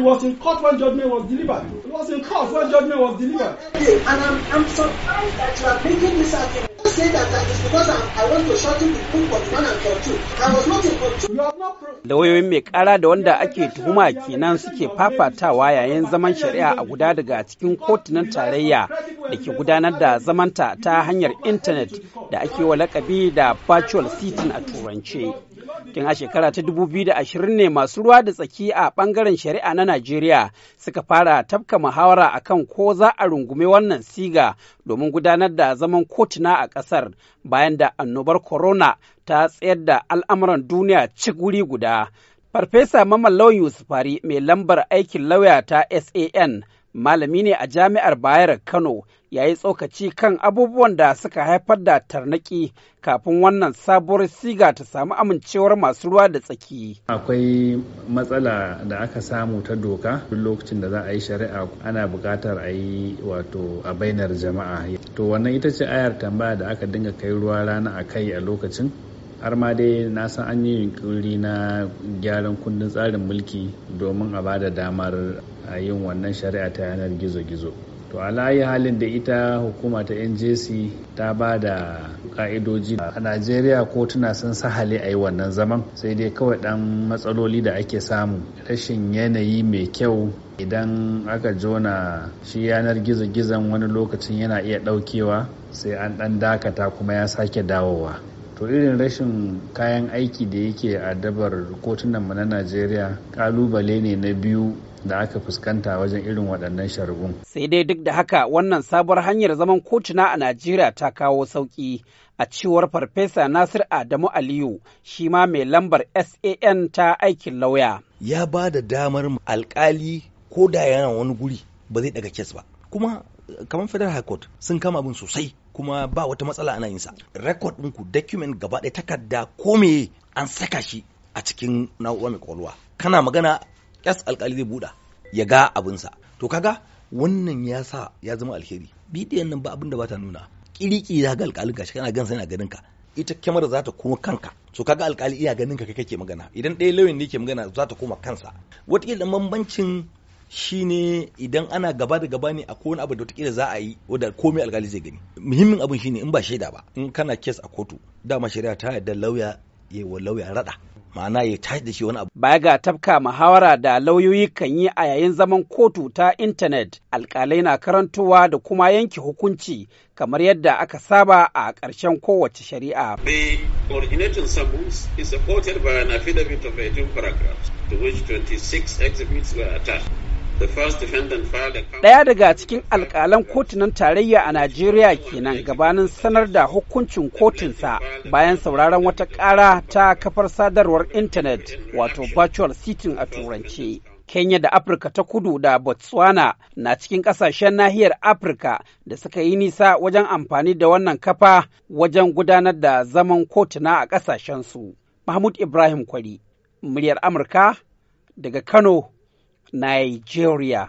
He was in court when judgment was delivered. He was in court when judgment was delivered. And I'm, I'm surprised that you are making this argument. Don't say that, that is because I'm, I want to shorten the book man and two. I was not in da Lauyoyin mai kara da wanda ake tuhuma kenan suke fafatawa yayin zaman shari'a a guda daga cikin kotunan tarayya da ke gudanar da zamanta ta hanyar intanet da ake wa lakabi da virtual sitting a turance. Tun a shekara ta dubu da ashirin ne masu ruwa da tsaki a bangaren shari'a na Najeriya suka fara tafka muhawara akan ko za a rungume wannan siga domin gudanar da zaman kotuna a ƙasar bayan da annobar corona ta tsayar da al'amuran duniya cik wuri guda. Farfesa Mamallau Yusufari mai lambar aikin lauya ta SAN malami ne a jami'ar Bayar Kano ya yi tsokaci kan abubuwan da suka haifar da tarnaki kafin wannan sabuwar siga ta samu amincewar masu ruwa da tsaki. Akwai matsala da aka samu ta doka duk lokacin da za a yi shari'a ana buƙatar a yi wato a bainar jama'a. To wannan ita ce ayar tambaya da aka dinga kai ruwa rana a kai a lokacin har ma dai na san an yi yunkuri na gyaran kundin tsarin mulki domin a ba da damar a yin wannan shari'a ta yanar gizo-gizo to a layi halin da ita hukuma ta njc ta ba da ka'idoji a najeriya kotuna sun sahale a yi wannan zaman sai dai kawai dan matsaloli da ake samu rashin yanayi mai kyau idan aka jona shi yanar gizo-gizon wani lokacin yana iya daukewa sai an dan dakata kuma ya sake dawowa to irin rashin kayan aiki da yake a dabar kotunan mu na najeriya kalubale ne na biyu da aka fuskanta wajen irin waɗannan sharbun. Sai dai duk da haka wannan sabuwar hanyar zaman kotuna a Najeriya ta kawo sauƙi a cewar Farfesa Nasir Adamu Aliyu shi ma mai lambar SAN ta aikin lauya. Ya ba da damar alkali ko da yana wani guri ba zai daga kes ba. Kuma kamar Federal High Court sun kama abin sosai kuma ba wata matsala ana yinsa. Rekod ɗinku document gaba ɗaya takarda ko me an saka shi a cikin na'ura mai kwalwa. Kana magana kyas alkali zai buɗa ya ga abinsa to kaga wannan ya sa ya zama alheri bidiyon nan ba abin da ba ta nuna kiriki ya ga alkalin ka shi kana gansa yana ganin ka ita kyamar za ta koma kanka so kaga alkali iya ganin ka kai kake magana idan ɗaya lauyan ne ke magana za ta koma kansa wataƙila bambancin shine idan ana gaba da gaba ne a kowane abu da wataƙila za a yi wadda komai alkali zai gani muhimmin abin shine in ba shaida ba in kana kes a kotu dama shari'a ta yarda lauya ya wa lauya raɗa. ma'ana ya tashi da shi wani abu. Baya ga tafka muhawara da lauyoyi kan yi a yayin zaman kotu ta intanet alkalai na karantowa da kuma yanki hukunci kamar yadda aka saba a ƙarshen kowace shari'a. The originating summons is supported by an affidavit of 18 paragraphs to which 26 exhibits were attached. Daya daga cikin alƙalan kotunan tarayya a Najeriya kenan gabanin sanar da hukuncin kotunsa bayan sauraron wata ƙara ta kafar sadarwar intanet wato virtual sitting a turance. Kenya da Afirka ta kudu da Botswana na cikin ƙasashen nahiyar Afirka da suka yi nisa wajen amfani da wannan kafa wajen gudanar da zaman kotuna a ƙasashensu. Mahmud Ibrahim Kwari, muryar Amurka daga Kano. Nigeria